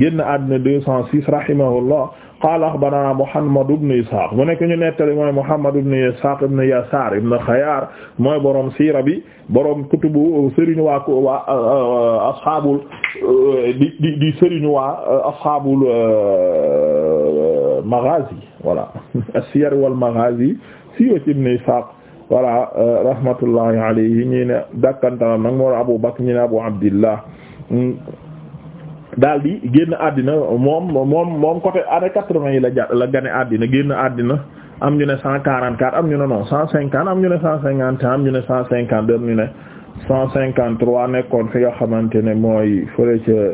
génn àddina deux cent six rahimahullah qaala axbarana Muhammad ibn Ishaq mu nekk ñu nettali mooy Muhammad ibn Ishaq ibn Yasaar ibn Xayaar mooy borom siira bi borom kutubu sëriñu waa waa asxaabul di di di sëriñu waa asxaabul magaazi voilà as-siyar wal magaazi siiwa ci ibn Ishaq voilà rahmatullahi alayhi ñii ne dàkkantalam nag moo Abu Bakr ñi ne Abu Abdillah daal di génn àddina moom moom moom côté année quatre-vingt yi la ja la gane àddina génn àddina am ñu ne cent quarante-quatre am ñu ne non cent cinquante am ñu ne cent cinquante am ñu ne cent cinquante trois nekkoon fi nga xamante ne mooy fële ca euh,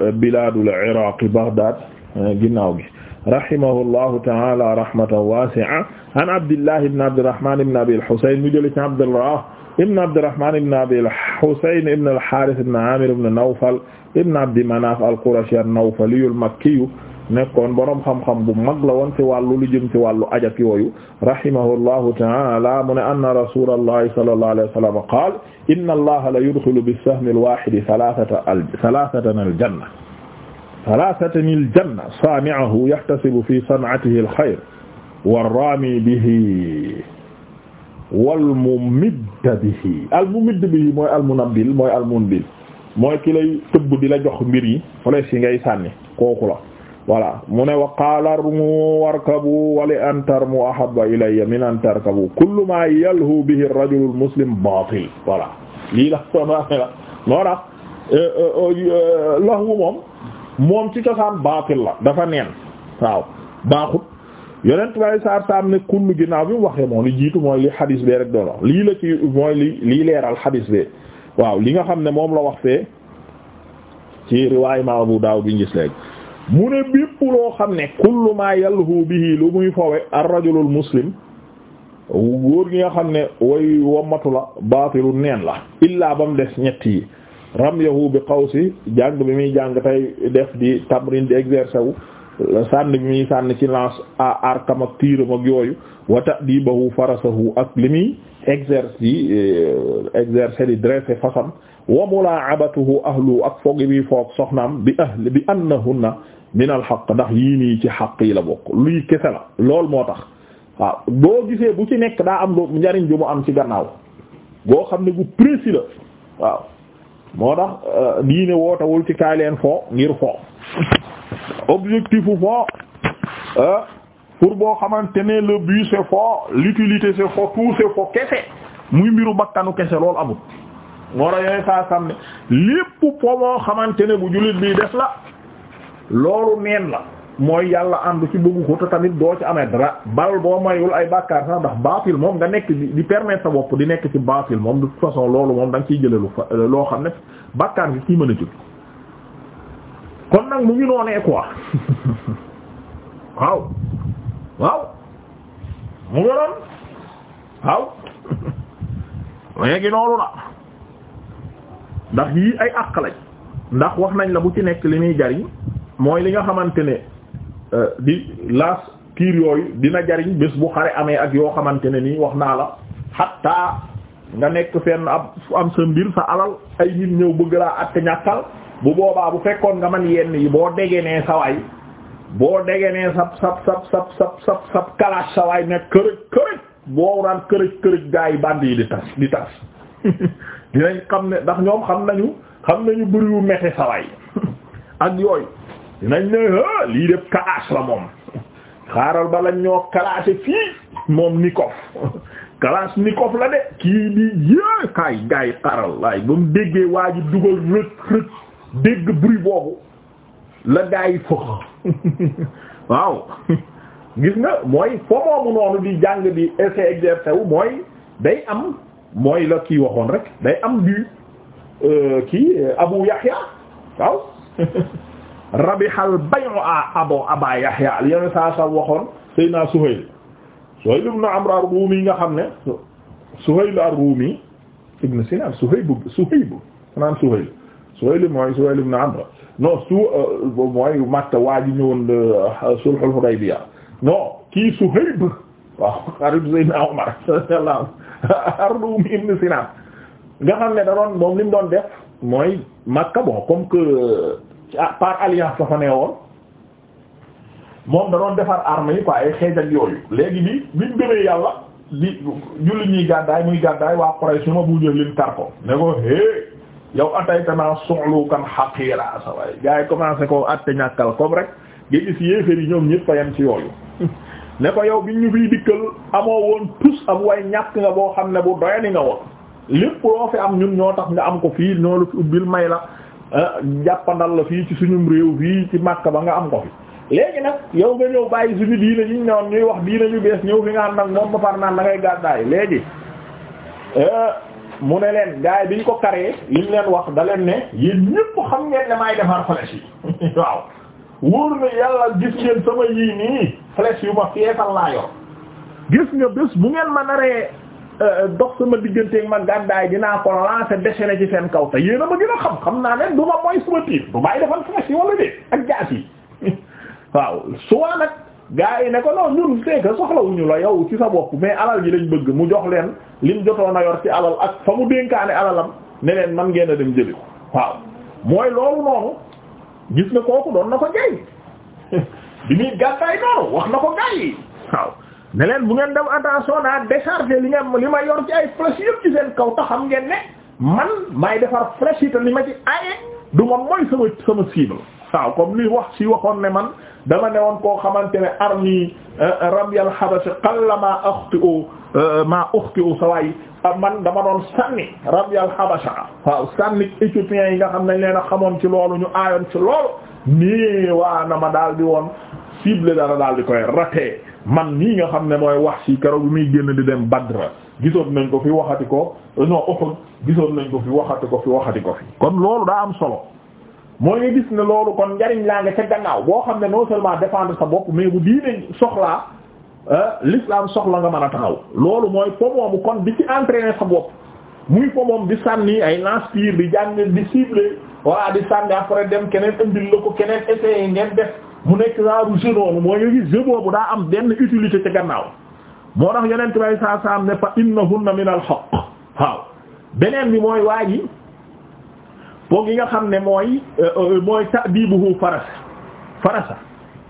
euh, bilaadul Iraq Baghdad euh, ginnaaw gi rahimahullahu ta'ala rahmatan wasi'a an Abdillah ibn Abdirrahman ibn Abi al-Husayn mu jël ci Abdullah ibn Abdurrahman ibn Abi al-Husayn ibn al-Harith ibn Amir ibn Nawfal ibn Abdi Manaf al-Qurashi an-Nawfali al-Makki nekkoon boroom xam-xam bu mag la woon ci wàllu lu jëm ci wàllu ajak yooyu rahimahullahu ta'ala mu ne anna rasulallahi sallallahu alayhi wa sallam qaala inna allaha la yudkhilu bis-sahmi al-wahidi thalathatan al-janna thalathatan al-janna sami'ahu yahtasibu fi san'atihi al-khayr war-rami bihi wal mumidd bihi al mumidd bihi mooy al munabbil mooy al munbil mooy ki lay di la jox mbir yi flèche yi ngay sànni kooku la voilà mu ne wa qaala rumu warkabu wali an tarmu ahabba ilayya min an tarkabu kullu ma yalhu bihi ar-rajulu al-muslim baatil voilà li la sonaane la noo tax euh, euh, euh, laxwu moom moom ci cosaan baatil la dafa neen waaw baaxut yonent waaye saar saam ne kullu ginnaaw bi mu waxee moom li jiitu mooy li xadis bee rek doon wax lii la ci mooy li lii leeral xadis bee waaw li nga xam ne moom la wax fee ci riwaay ma Abu Daawud bi ngis léegi mu ne bépp loo xam ne kullu maa yalhu bihi lu muy fowe ar-rajulul muslim góor gi nga xam ne woy wommatu la baatilu neen la illaa ba mu des ñett yi ramyahu bi si jàng bi muy jàng tey def di tamrin di exercer sànni bi muy sànni ci lance à arkam ak tiiram ak yooyu wa ta'dibahu farasahu ak li muy exerce yi euh, exercer di wa mulaabatuhu ahlu ak foog bi foog soxnaam bi ahli bi annahunna min al haqq ndax yii nii ci xaq yi la bokk luy kese la lool moo tax waaw boo gisee bu ci nekk daa am lu njariñ ju mu am ci gannaaw boo xam ne bu précis waaw moo tax euh, diine wootawul ci kaay leen foo ngir foo objectif fort euh, pour boo xamante ne le but c'est fort l'utilité c'est fort tout c'est kese muy mbiru bakkanu kese loolu amut moo ra yooyu saa sam ne lépp po boo xamante ne bu jullit bii def la loolu neen la mooy yàlla àndu ci bëggu ko te tamit doo ci amee dara bal boo mayul ay bàkkaar sax ndax baatil moom nga nekk di permettre sa bopp di nekk ci baatil moom de toute façon loolu moom da nga ciy jëlee lu loo xam ne bakkaan bi ciy mën a jóg kon nag mu ngi noonee quoi waaw waaw mu ngi noon waaw léegi noonu la ndax yii ay àq lañ ndax wax nañ la bu ci nekk li muy jariñ mooy li nga xamante ne euh, di laas kiir yooyu dina jariñ bés bu xare amee ak yoo xamante ne nii wax naa la xattaa nga nekk fenn ab am sa mbir sa alal ay nit ñëw bëgg laa àtte ñàkkal bu boobaa bu fekkoon nga man yenn yi boo degee nee sawaay boo degee nee sab sab sab sab sab sab kalaas sawaay ne kërëj kërëj boo daan kërëj kërëj gaa yi band yi di tas di tas dinañ xam ne ndax ñoom xam nañu xam nañu bëriwu mete sawaay ak yooyu dinañ ne hë ah, lii def kalaas la moom xaaral ba lañ ñoo kalaase fii moom ni kof kalaas ni kof la de kii di yë kaay gaa xaaral laay ba mu déggee waa ji dugal rëkk rëkk dégg bruit boobu la gaa yi fëx gis nga mooy fo moomu noonu di jàng di essai exercer wu mooy day am mooy la kii waxoon rek day am bi euh, kii Abu Yahya waaw rabihal bay'u abo aba Yahya yeneen sa waxoon Seydina Suhayl Suhayl ibn Amr ar-Rumi nga xam ne Suhayl ar-Rumi ibn Sinan Suhayl mooy Suhayl ibn Amr non su euh, mooy Makka waa ji ñëwoon euh, sulhul Hudaybiya non kii Suhayb waaw xarit Seydina Umar radiyallahu anhu ibn Sinan nga xam ne da moom li mu doon def mooy Makka bon comme que euh, ah, par alliance la fa nee woon moom da doon defar armes yi ay xeej ak yooyu léegi bi bi mu gëmee yàlla di julli muy gàddaay waa Quraysh ma bu jël leen tar ko ne ko hee yow ataytanaa su'lukan haqiira sa waay gars yi commencé koo atte ñàkkal comme rek nga gis yéefér yi ñoom ñëpp a yem ci yooyu ne ko yow bi ñu fiy dikkal amoo woon tus am way ñàkk nga boo xam ne bu doyani nga woon lépp loo fi am ñun ñoo tax nga am ko fii ñoo la ubbil may la ah, jàppandal la fii ci suñum réew fii ci Makka ba nga am ko fi léegi nag yow nga ñëw bàyyi suñu diine ñu newoon ñuy wax diine ñu bees ñëw fi nga am nag moom ba far naan da ngay gàddaay léegi eh, mu ne leen gars yi bi ñu ko karee li ñu leen wax da leen ne yéen ñëpp xam ngeen ne maay defar flèche yi waaw wóor na yàlla gis ngeen sama yii nii flèche yu ma feesal laa yor gis nga bés bu ngeen ma naree euh, dox sama digganteeg ma gàddaay dinaa ko lancer déchaîner ci seen kaw te yéen a ma gën a xam xam naa ne du ma mooy sama tiir du maay defar flèche yi wala déet ak jaas yi waaw suwaa nag gaa yi ne ko non ñun c'est soxlawuñu la yow ci sa bopp mais alal ji lañ bëgg mu jox leen lim jotoon a yor ci alal ak fa mu dénkaane alalam ne leen man ngeen a dem jëli ko waaw mooy loolu noonu gis na kooku doon na ko jaay bi muy gàttaay noonu wax na ko gaa yi waaw ne leen bu ngeen dem attention naa décharger li ngeen li ma yor ci ay flèche yëpp ci seen kaw tax xam ngeen ne man may defar flèche yi li ma ci aye du ma mooy sama sama cible waaw comme li wax si waxoon ne man. dama ne woon koo xamante ne armi eh, eh, rabyal xabasi qalla maa axti'u eh, maa axti'u sa waay man dama doon sànni rabyal xabasa waaw sànni éthiopiens yi nga xam nañ leen a xamoon ci loolu ñu aayoon ci loolu nii waa na ma daal di woon cible dara daal di koy raté man nii nga xam ne mooy wax si keroog bi muy génn di dem Badra gisoon nañ ko fi waxati ko non Uhud gisoon nañ ko fi waxati ko fi waxati ko fi kon loolu daa am solo mooy nga gis ne loolu kon njariñ laa nga ca gannaaw boo xam ne non seulement défendre sa bopp mais bu diine soxlaa euh, l'islam soxla nga mën a taxaw loolu mooy pomoomu kon bi ci entraîner sa bopp muy pomoom di sànni ay lance-pierre di jàng di ciblé voilà di sànni après dem keneen indil la ko keneen essayé ngeen def mu nekk raaru jeu noonu mooy nga gis jeu boobu daa am benn utilité ca gannaaw moo tax yeneen bay saa am ne fa innahunna min al haqq waaw beneen waa poog yi nga xam ne mooy euh, euh, mooy ta'dibuhu farasa farasa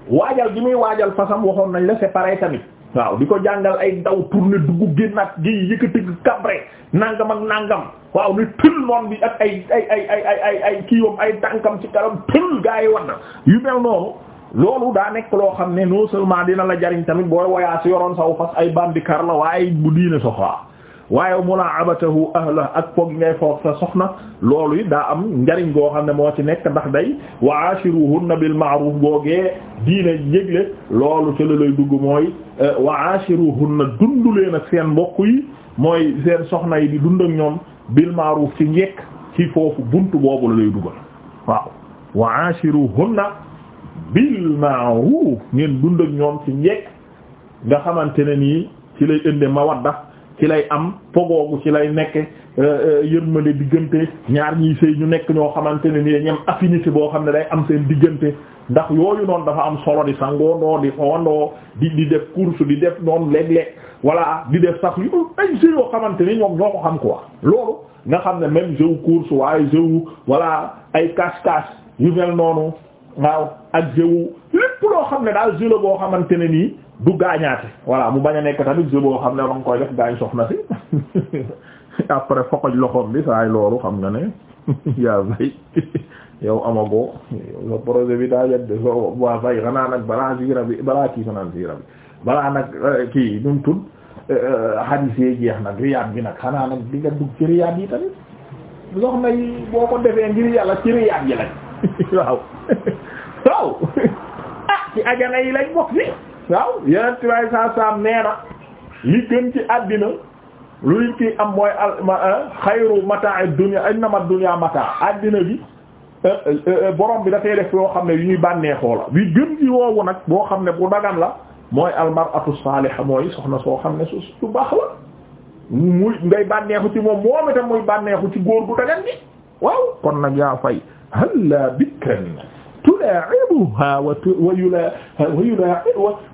waajal gi muy waajal fasam waxoon nañ la c'est pareil tamit waaw di ko jàngal ay daw pour dugg génnaat gi yëkkati cabré nangam ak nangam waaw ni tël noon bi ak ay ay ay ay ay ay ay kiiwam ay tànkam ci karam tël gaa yi wan na yu mew noonu loolu daa nekk loo xam ne non seulement dina la jariñ tamit boo booy woyaas yoroon saw fas ay bambikar la waaye bu diine soxlaa waaye mulaabatahu ahla ak foog ngay foog sa soxna loolu it daa am njariñ goo xam ne moo ci nekk ndax day wa ashiruhunna bil ma'ruf googee diine jégle loolu ca la lay dugg mooy euh, wa ashiruhunna dundu leen ak seen mbokk yi mooy seen soxna yi di dund ak ñoom bil ma'ruf ci njekk ci foofu buntu boobu la lay dugal waaw wa ashiruhunna bil ma'ruf ngeen dund ñoom ci njekk nga xamante ne nii ci lay ënde mawadda ci lay am pogoogu ci lay nekk euh, euh, yërmande diggante ñaar ñiy sëy ñu nekk ñoo xamante ne nii ñam affinité boo xam ne day am seen diggante ndax yooyu noonu dafa am solo di sangoondoo di ondoo di def course di def noonu léeg-léeg voilà di def sax yu ay jeux yoo xamante ni ñoom ñoo ko xam quoi loolu nga xam ne même jeu course waaye jeu voilà ay cache-cache yu mel noonu waaw ak jeu lépp loo xam ne daal jeu la boo xamante ne nii du gaañaate voilà mu bañ a nekk tamit jeu boo xam ne danga koy def gaañ soxna si après foqoj loxoom bi saay loolu xam nga ne yaa vay yow amagoo sa projet bi daa yedd so waa vay xanaa nag balaa siira bi balaa kii fanaan siira bi balaa nag euh, kii nu tudd euh, hadis jeex nag riyaat bi nag xanaa nag di nga dugg ci riyaat yi tamit soxna yi boo ko defee ngir yàlla ci riyaat yi lañ waaw ah ci ajana yi lañ bokk si waaw yeneen tibaay saa saam nee na li gën ci àddina lu nit ki am mooy al ah, xayru mataa'i dunya innama dunya mataa àddina bi eh, eh, eh, borom bi dafay def yoo xam ne yu ñuy bànneexoo la bi gën ci woowu nag boo xam ne bu dagan la mooy almar'atu saaliha mooy soxna soo xam ne su su baax la muy ngay bànneexu ci moom moom itam muy bànneexu ci góor bu dagan bi waaw kon nag yaa fay halla bikran yulaa'ibuha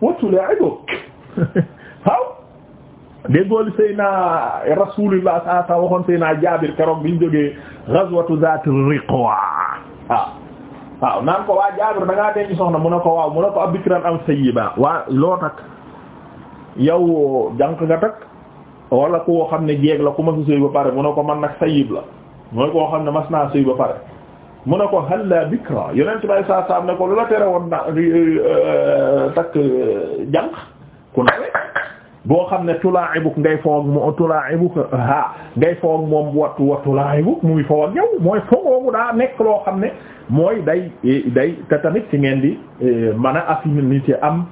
wa tulaa'ibuka waaw déggooli Seyna Rasulullah saa saa waxoon Jaabir keroog biñ jógee ghazwatu zaat riqwa waaw waaw naan ko waa Jaabir da ngaa soxna mu ne ko waaw mu ne ko abikran am sayyiba waa loo takk yow jànq nga takk wala koo xam ne jeeg la ku ma sëy ba pare mu ne ko man nag sayyib la mooy koo xam ne mas naa sëy ba pare mu ne ko halla bikra yonent bay saa saam ne ko lu la tere woon na euh, euh, takk euh, janq ku nawe boo xam ne tulaa'ibuk ngay foog mu tulaa'ibuk ha ngay foog moom wattu wa tulaa'ibuk muy foog ak yow mooy foogoogu daa nekk loo xam ne mooy day day te tamit ci ngeen di mën a ci am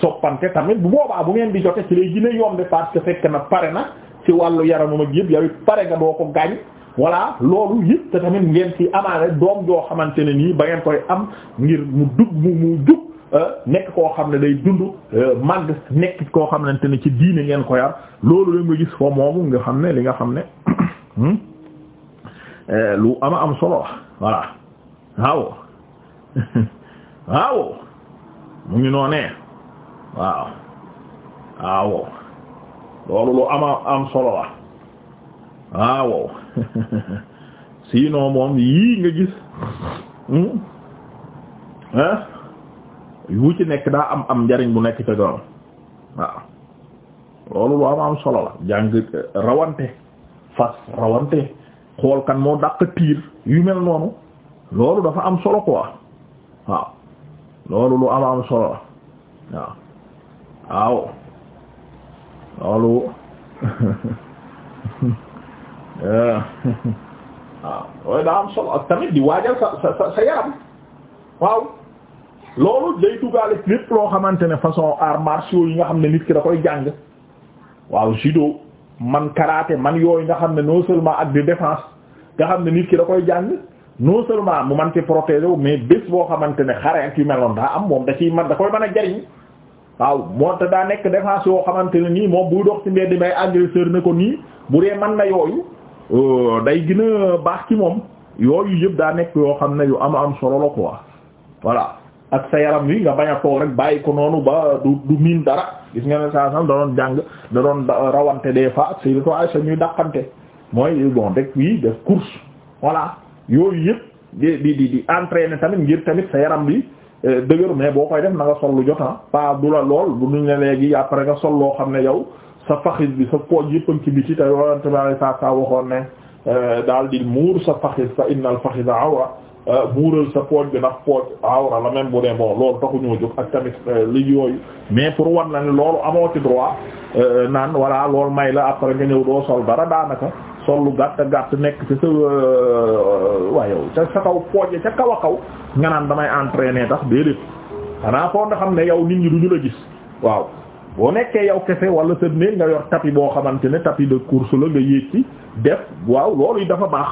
soppante tamit bu boobaa bu ngeen di jote ci lay gën yombe parce que fekk na pare na ci wàllu yaramam ak yëpp yow pare nga doo ko gaañ voilà loolu yëpp te tamit ngeen ci amaale doom joo xamante ne nii ba ngeen koy am ngir mu dug mu mu dugg euh, nekk koo xam ne day dund euh, màgg nekk koo xamante ne ci diine ngeen ko yar loolu la nga gis fo moomu nga xam ne li nga xam ne hmm? euh, lu am am solo voilà waaw waaw mu ngi noonee waaw waaw loolu lu ama am solo la Ah, waaw sinon moom yii nga gis ah hmm? wu ci nekk daa am am njariñ bu nekk ca doon waaw loolu lu am am solo la jàng eh, rawante fas rawante xool kan moo dàq tiir yu mel noonu loolu dafa am solo quoi waaw loolu lu am am solo la waaw waaw loolu waaw loolu daa am solo ak tamit di waajal sa sa sa yaram waaw loolu day duggaale lépp loo xamante ne façon arts martiaux yi nga xam ne nit ki da koy jàng waaw judo man karaté man yooyu nga xam ne non seulement ak de défense nga xam ne nit ki da koy jàng non seulement mu man ci protéger wu mais bés boo xamante ne xare ak yu mel daa am moom da ciy man da koy mën a jariñ waaw moo tax daa nekk défense yoo xamante ne nii moom buy dox ci mbedd may agresseur ne ko nii bu dee man na yooyu Euh, day gën baax ci moom yooyu yëpp daa nekk yoo xam ne yu am am solo la quoi voilà ak sa yaram wi nga bañ a toog rek bàyyi ko noonu ba du du dara gis nga ne saa sam da doon jàng da doon rawante des fois ak Sayyidatu Aisha ñuy mooy bon rek wii def course voilà yooyu yëpp di di di di entraîner tamit ngir tamit sa yaram bi euh, dëgër mais boo koy def na nga sol lu jot ah. pas du la lool bu ñu ne léegi après nga sol loo xam ne yow. sa faxis bi sa pooj yëppan ci te yonente bi alai saat saa waxoon ne euh, daal di muur sa faxis fa innal faxisa awra euh, muural sa pooj bi ndax pooj awra la même bu dee bon loolu jóg ak tamit euh, li yooyu mais pour wan la ne loolu amoo ci droit naan voilà loolu may la après nga ñëw doo sol dara daanaka sol lu gàtt gàtt nekk ci sa waaye ca sa kaw pooj ca kaw a kaw nga naan damay entraîner tax déedéet xanaa foo xam ne yow nit ñi duñu la gis waaw boo nekkee yow kese wala sa néeg nga yor tapis boo xamante ne tapis de course la nga yéeg ci def waaw loolu yi dafa baax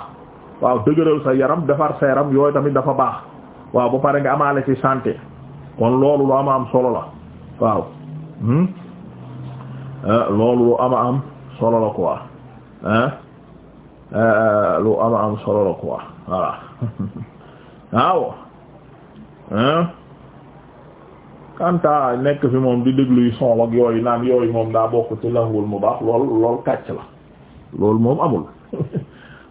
waaw dëgëral sa yaram defar sa yaram yooyu tamit dafa baax waaw ba pare nga amaale ci santé kon loolu lu ama am solo la waaw hmm? eh, loolu lu ama am solo la ko hein eh? eh, lu ama am solo la quoi voilà kanta nekk fi moom di dégluy son ak yooyu naan yooyu moom daa bokk ci lahwul mu baax lool la loolu moom amul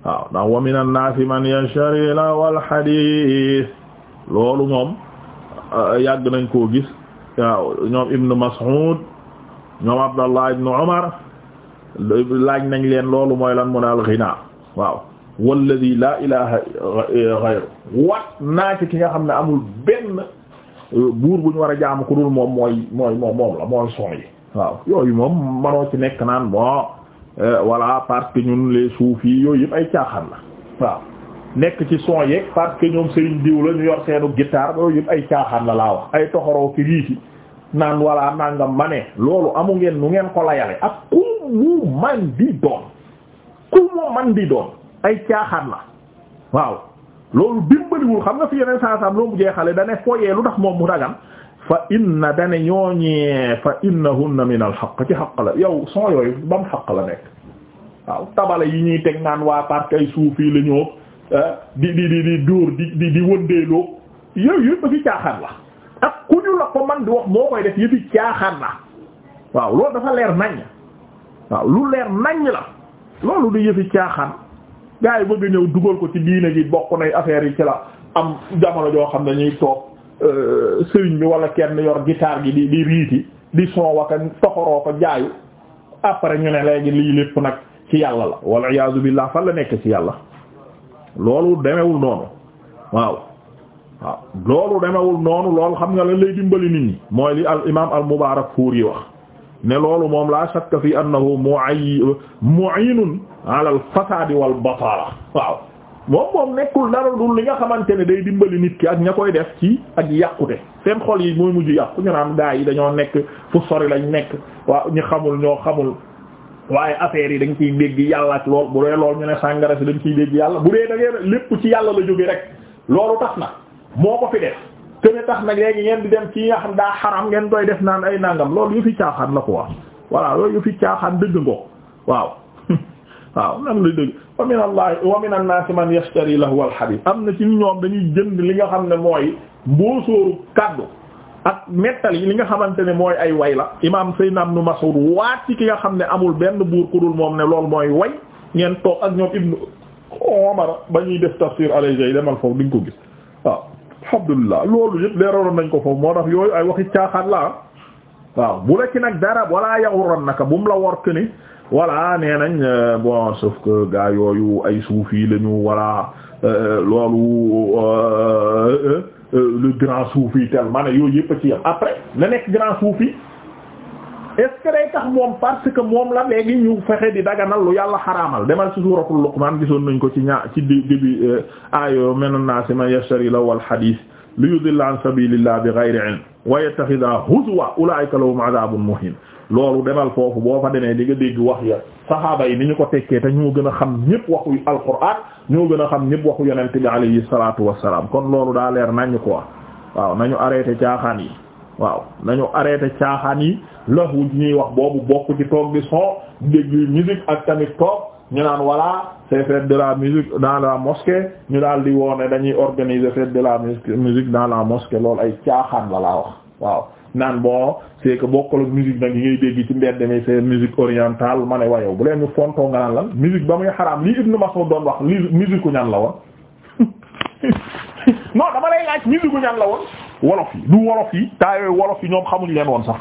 waaw ndax wa min annaasi man yashari lahwal hadiis loolu moom euh, yàgg nañ koo gis waaw ñoom ibnu Mas'ud ñoom Abdallah ibnu laaj nañ leen loolu mooy lan mu ne al-ghinaa waaw walladi laa ilaaha ghayru wat ki nga xam ne amul benn buur bu ñu war a jaamu ku dul moom mooy mooy moom moom la mooy son yi waaw yooyu moom manoo ci nekk naan bon euh, voilà parce que ñun les soufis yi yooyu yëpp ay caaxaan la waaw nekk ci son yi parce que ñoom Serigne diw la ñu yor seenu guitare yooyu yëpp ay caaxaan la laa wax ay toxoroo ki riiti naan voilà nangam ma ne loolu amu ngeen nu ngeen ko ak ku mu man di doon ku man di doon ay caaxaan la waaw loolu dimbaliwul xam nga fi yeneen saa saam loolu mu jeexale dane fooyee lu tax moom mu dagan fa inna dane ñooñee fa innahunna min al xaq ci xaq la yow son yooyu bam xaq la nekk waaw tabale yi ñuy teg naan waa park ay suufi la eh, di di di di dóor di di di wëndeeloo yooyu yëpp ci caaxaan la ak ku ñu la ko man di wax moo koy def yëpp caaxaan la waaw loolu dafa leer nañ waaw lu leer nañ la loolu du yëfi caaxaan gaa yi bëgg ñëw dugal ko ci diine gi bokk nay affaire yi ci la am jamono joo xam ne ñuy toog euh, sëriñ bi wala kenn yor guitare gi di di riiti di son waka toxoroo ko jaayu après ñu ne léegi lii lépp nag ci yàlla la wal iyaazu billaah fan la nekk ci yàlla loolu demewul noonu waaw waaw loolu demewul noonu loolu xam nga la lay dimbali nit ñi mooy li al imaam al mubaarak fuur yi wax ne loolu moom laa shakka fi annahu mu'inun ala al-fasad wal batala waaw moom moom nekkul dara dul li nga xamante ne day dimbali nit ki ak ña koy def ci ak yàqute seen xol yi mooy mujj yàqu ñu naan gaa yi dañoo nekk fu sori lañ nekk waaw ñu xamul ñoo xamul waaye affaire yi dañ ciy dégg yàlla ak lool bu dee lool ñu ne sàngara si dañ fiy dégg yàlla bu dee da lépp ci yàlla la jóge rek loolu tax na moo ko fi def te tax na léegi ngeen di dem ci nga xam daa xaram ngeen koy def naan ay nangam loolu yu fi caaxaan la ko wax voilà loolu yu fi caaxaan dëgg ngoo waaw waaw nan la dëgg wa min allahi wa min annaasi man yashtari lahu al hadith am na ci ñoom dañuy jënd li nga xam ne mooy mboosóoru kàddu ak nettal yi li nga xamante ne mooy ay way la imam sayyidna ibn Mas'ud waat ci ki nga xam ne amul benn buur ku dul moom ne loolu mooy way ngeen toog ak ñoom ibnu Umar ba ñuy def tafsir alayhi demal foofu di nga ko gis alhamdulillah loolu yëpp leeraloon nañ ko foofu moo tax yooyu ay waxi caaxaan la bu la ci nag dara wala yaxuran naka bu mu la war que ni voilà nañ euh, bon sauf que gars yooyu ay soufi la ñu voilà euh, euh, loolu le grand soufi tel ma yooyu yëpp a ci yam après na nekk grand soufi est tax moom parce que moom la léegi ñu fexe di daganal lu yàlla xaraamal demal ci suuratul Luqmaan gisoon nañ ko ci ñaar ci début euh, aayo mena naasi man yashtari lawal hadiis li yudilla an sabilillah bi ghayri ilm wa yattakhidha huzwa ulaa'ika lahum adhabun muhin loolu demal foofu boo fa demee di nga dégg wax ya saxaaba yi ni ñu ko tekkee te ñoo gën a xam ñëpp waxu alquraan ñoo gën a xam ñëpp waxu yonent bi alayhi salaatu wassalaam kon loolu daa leer nañu ko wax waaw nañu arrêté caaxaan yi waaw nañu arrêté caaxaan yi lahwu ñuy wax boobu bokk ci toog di son déglu musique ak tamit toog ñu naan voilà c'est fête de la musique dans la mosquée ñu daal di woone dañuy organiser fête de la musique dans la mosquée loolu ay caaxaan la laa wax waaw naan boo c'est que bokkul ak musique nag yi ngay dégg ci mbedd mi c'est musique orientale ma ne wayow bu leen ñu fontoo nga naan lan musique ba muy xaraam li Ibn Mas'ud doon wax li musique ku ñan la woon non dama lay laaj musique ku ñan la woon wolof du wolof yi taa yooyu wolof yi ñoom xamuñ leen woon sax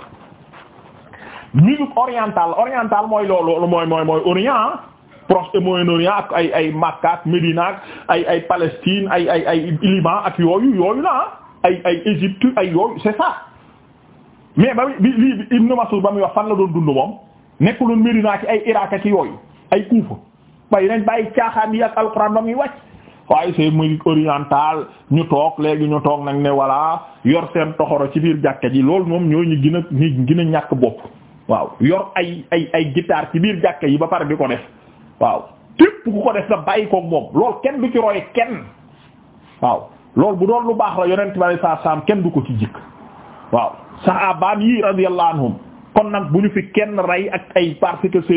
musique oriental orientale mooy loolu mooy mooy mooy orient ah. proche et Moyen-Orient ak ay ay Makka ak Médina ak ay ay Palestine ay ay ay Liban ak yooyu yooyu la ah. ay ay Égypte ay yooyu c'est ça mais ba bi lii Ibn ba muy wax fan la doon dund moom nekkuloon Médina ci ay Irak ak yooyu ay Kufa bay nañ bàyyi caaxaan yi ak alxuraan ba muy wàcc waaye c'est musique orientale ñu toog léegi ñu toog nag ne voilà yor seen toxoro ci biir jàkka ji loolu moom ñoo ñu gina a ñu gën ñàkk bopp waaw yor ay ay ay guitare ci biir jàkka yi ba pare di ko def waaw tépp ku ko def nga bàyyi ko moom loolu kenn du ci roy kenn waaw loolu bu doon lu baax la yonent bi sallallahu alayhi wasallam kenn du ko ci jikk waaw sahabaam yi radiyallahu anhum kon nag bu ñu fi kenn rey ak ay parce que c'est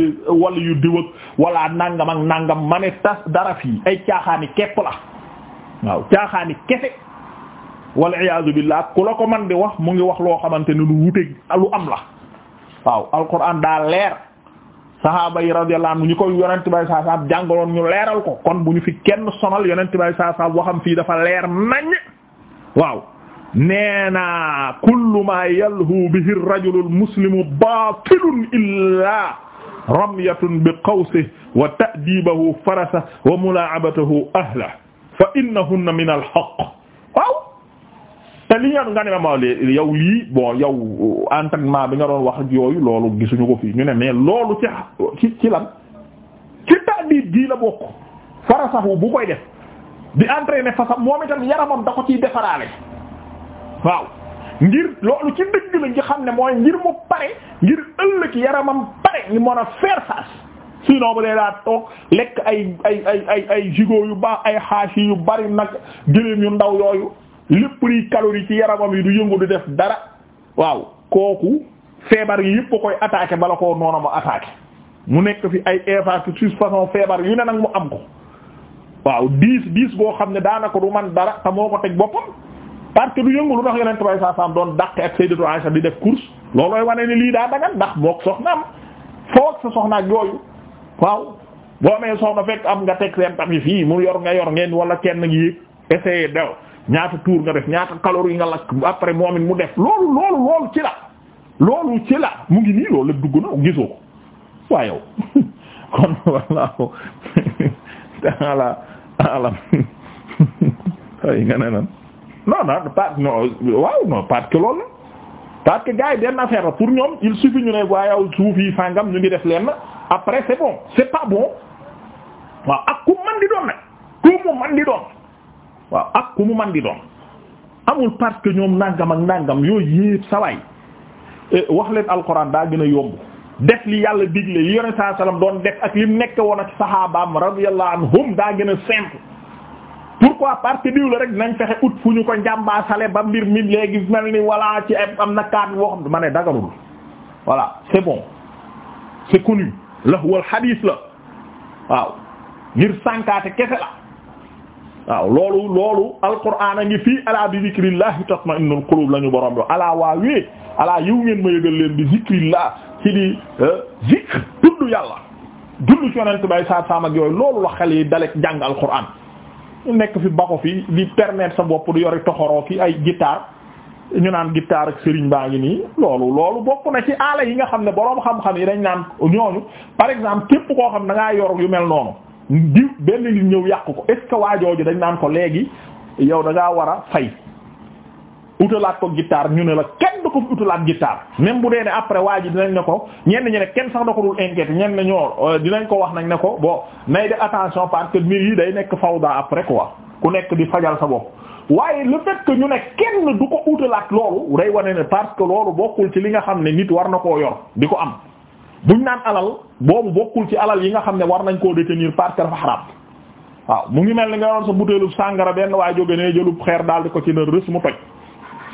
yu diw ak wala nangam ak nangam ma ne tas dara fii ay caaxaani kepp la waaw caaxaani kese wal iyaazu billaah ku la ko man di wax mu ngi wax loo xamante ni lu wuteeg lu am la waaw alquran daa leer sahaaba yi radiyallahu anhu ñu koy yonente bay saa saab ñu leeral ko kon bu ñu fi kenn sonal yonente bay saa saab waxam fii dafa leer nañ waaw neena kullu ma yalhu bihi ar-rajulu al-muslimu baatilun illaa ramyatun bi qawsihi wa ta'diibuhu farasahu wa mulaa'abatuhu ahlahu fa min al-haqq waaw te li ma yow lii bon yow entraînement bi nga doon wax ak loolu gisuñu ko fii ñu ne mais loolu ci ci ci ta'diib gii la bokk farasahu bu koy def di entraîner fasam moom itam yaramam da ko ciy waaw ngir loolu ci dëgg la nga xam ne mooy ngir mu pare ngir ëllëg yaramam pare ngi mën a faire face sinon bu dee daa toog lekk ay ay ay jigo yu ba ay xaasi yu bari nag gëléem yu ndaw yooyu lépp luy calorie ci yaramam yi du yëngu du def dara waaw kooku feebar yi yëpp koy attaqué bala koo noonu ma attaqué mu nekk fi ay infarctus façon feebar yu ne nag mu am ko waaw diis diis boo xam ne daanaka du man dara te ko teg boppam parce que du yëngu lu tax yonent bay saa saam doon dàq ak Sayyidatu Aisha di def course loolooy wane ni lii daa dagan ndax mook soxnaam foo ak sa soxna ak yooyu waaw boo amee soxna fekk am nga teg seen tamit fii mu yor nga yor ngeen wala kenn ngi essayer daw ñaata tour nga def ñaata calorie nga lakk après moom it mu def loolu loolu loolu ci la loolu ci la mu ngi nii loolu lépp dugg na gisoo ko waa yow kon wallahu ta'ala alam ay nga non non pas non waaw non parce que loolu parce que gars yi benn affaire la pour ñoom il suffit ñu ne waayaw suuf yi sàngam ñu ngi def lenn après c'est bon c'est pas bon waaw ak ku man di doon nag ku mu man di doon waaw ak ku mu man di doon amul parce que ñoom nàngam ak nàngam yooyu yépp sawaay eh, wax leen alxuraan daa gën a yomb def li yàlla digle yi yone saa salaam doon def ak lim nekk woon ak saxaabaam radiyallahu anhum daa gën a simple pourquoi parce que diw la rek dinañ fexe ut fu ñu ko njàmbaa ba mbir mi léegi mel ni walla ci am na kaat bi wax ma ne dagarul voilà c'est bon c'est connu la wal xadiis la waaw ngir sànkaate kese la waaw loolu loolu alquraan a ngi fii alaa bi zikrillahi tatma'innul qulub la ñu borom bi alaa waawee alaa yiw ngeen ma yëgal leen bi zikrillah ci di euh, zikr tudd yàlla jullu ci bay saa saam yooyu loolu la xel yi dalek jàng alquraan nekk fi bako fi di permettre sa bopp du yori toxoroo ki ay guitare ñu naan guitare ak sëriñ baa ngi nii loolu loolu bokk na ci aala yi nga xam ne boroom xam-xam yi dañ naan ñooñu par exemple képp koo xam da ngaa yor yu mel noonu di benn yi ñëw yàq ko est ce que waajooju dañ naan ko léegi yow da ngaa war a fay utalaat ko guitare ñu ne la kenn du ko utalaat guitare même bu dee ne après waa ji dinañ ne ko ñenn ñu ne kenn sax da ko dul inquiété ñenn ñoo euh, dinañ ko wax nañ ne ko boo nay de attention parce que mbir yi day nekk fawda après quoi ku nekk di fajal sa bopp. waaye le fait ñu ne kenn du ko utalaat loolu rey wane ne parce que loolu bokkul ci li nga xam ne nit war na koo yor di ko am ñu naan alal boobu bokkul ci alal yi nga xam ne war nañ koo détenir parce que waaw mu ngi mel ni nga doon sa butéelub sàngara benn waaye ne jëlub xeer daal di ko ci na rës mu toj.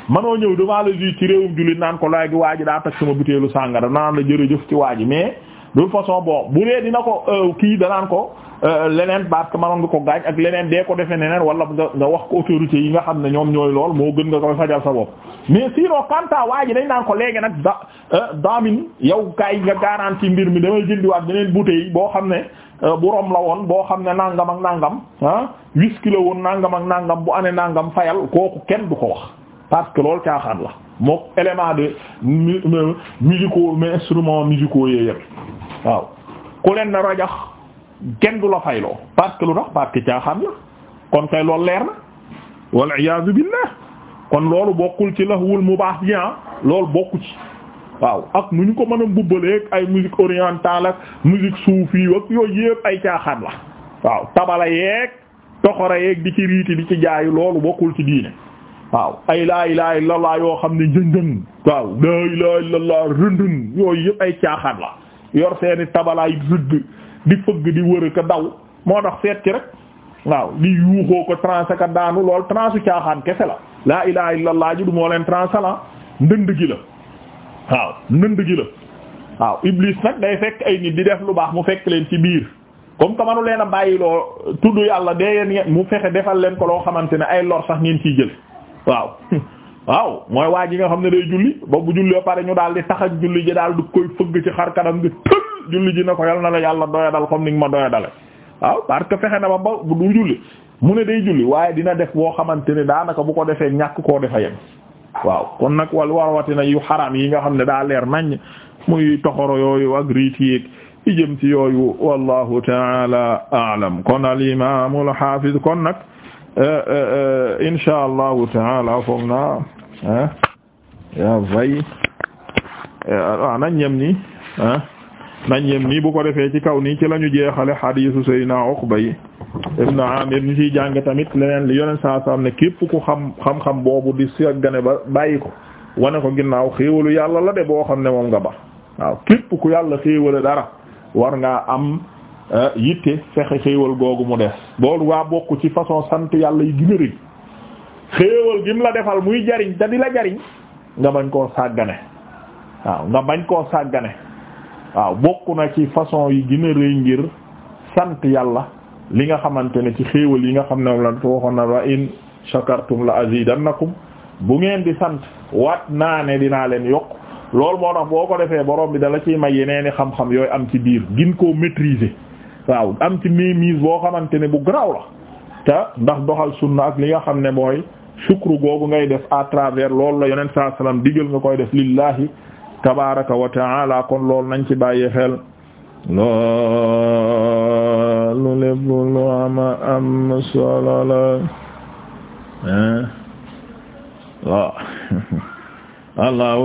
manoo ñëw devant le juge ci réewum jullit naan ko léegi waa ji daa takk sama butéelu sàngara naan la jërëjëf ci waa ji mais de façon bon bu dee dina ko euh, kii danaan ko euh, leneen baat que manoon nga ko gaañ ak leneen dee ko defee neneen wala nga nga wax ko autorité yi nga xam ne ñoom ñooy lool moo gën nga koy fajal sa bopp mais sinon kanta waa ji dañ naan ko léegi nag da euh, damin yow kay nga garanti mbir mi damay jëndiwaat beneen bouteille boo xam ne bu la woon boo xam ne nangam ak nangam ah whisky woon nangam ak nangam bu anee nangam fayal kooku kenn du ko wax parce que loolu caaxaan la mook élément de musicaux mais instruments musicaux yee yëpp waaw ku leen na rajax kenn du la fayloo parce que lu tax parce que caaxaan la kon kay loolu leer na wal iyaazu billah kon loolu bokkul ci mu baax bi loolu bokku ci waaw ak nu ñu ko mën a mbubbalee ay musique orientale ak musique soufi ak yooyu yëpp ay caaxaan la waaw tabala yeeg toxora yeeg di ci riiti di ci jaay loolu bokkul ci diine waaw ay laa ilaaha illallah yoo xam ne njëndën waaw laa ilaaha illallah rëndën yooyu yëpp ay caaxaan la yor seeni tabalaay rëgg di fëgg di wër ko daw moo tax seet ci rek waaw di yuuxoo ko transe ka daanu lool transu caaxaan kese la laa ilaaha illallah ji du moo leen transe la ndënd gi la waaw ndënd gi la waaw iblis nag day fekk ay nit di def lu baax mu fekk leen ci biir comme que manu leen a bàyyi loo tudd yàlla dee yeen mu fexe defal leen ko loo xamante ne ay lor sax ngeen ciy jël waaw waaw mooy waa ji nga xam ne day julli ba bu julli ba pare ñu daal di tax ak julli ji daal du koy fëgg ci xar kanam gi tël julli ji na ko yal na la yàlla doya dal comme ni nga ma doya dale waaw parce fexe na ba ba du julli mu ne day julli waaye dina def woo xamante ne daanaka bu ko defee ñàkk koo defa yem waaw kon nag wal warwatina yu xaraam yi nga xam ne daa leer nañ muy toxoro yooyu ak riit yéeg i jëm ci yooyu wallahu taala aalam kon al imaamul xaafiz kon nag Eh, eh, eh, insha allahu taala foog naa ah yaa vay nañ yem nii ah nañ yem nii bu ko defee ci kaw nii ci la ñu naaw hadiisu ba Uqba ibn Aamir ñu ciy jàng tamit leneen li yoneen saa saam ne képp ku xam xam-xam boobu di seggane ba bàyyi ko wane ko ginnaaw xéewalu yàlla la de boo xam ne moom nga ba waaw képp ku yàlla xéewale dara war ngaa am. Euh, yitte fexe xéewal googu mu des loolu waa bokk ci façon sant yàlla yi gën rëy xéewal gi mu la defal muy jariñ te di la jariñ nga bañ koo sàggane waaw nga bañ koo sàggane waaw bokk na ci façon yi gën a rëy ngir sant yàlla li nga xamante ne ci xéewal yi nga xam ne moom la waxoon na wa in shakartum la azidannakum bu ngeen di sant waat naa ne dinaa leen yokk loolu moo tax boo ko defee borom bi dala ciy may yeneeni xam-xam yooyu am ci biir gin koo maîtriser waaw am ci mémise boo xamante ne bu graaw la te ndax doxal sunna ak li nga xam ne booy shukru googu ngay def à travers lool la yonent saa salaam digal nga koy def lillahi tabaraka kon loolu nañ ci bàyyi xel am solo la waaw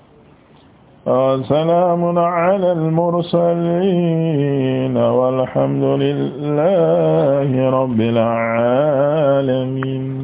وسلام على المرسلين والحمد لله رب العالمين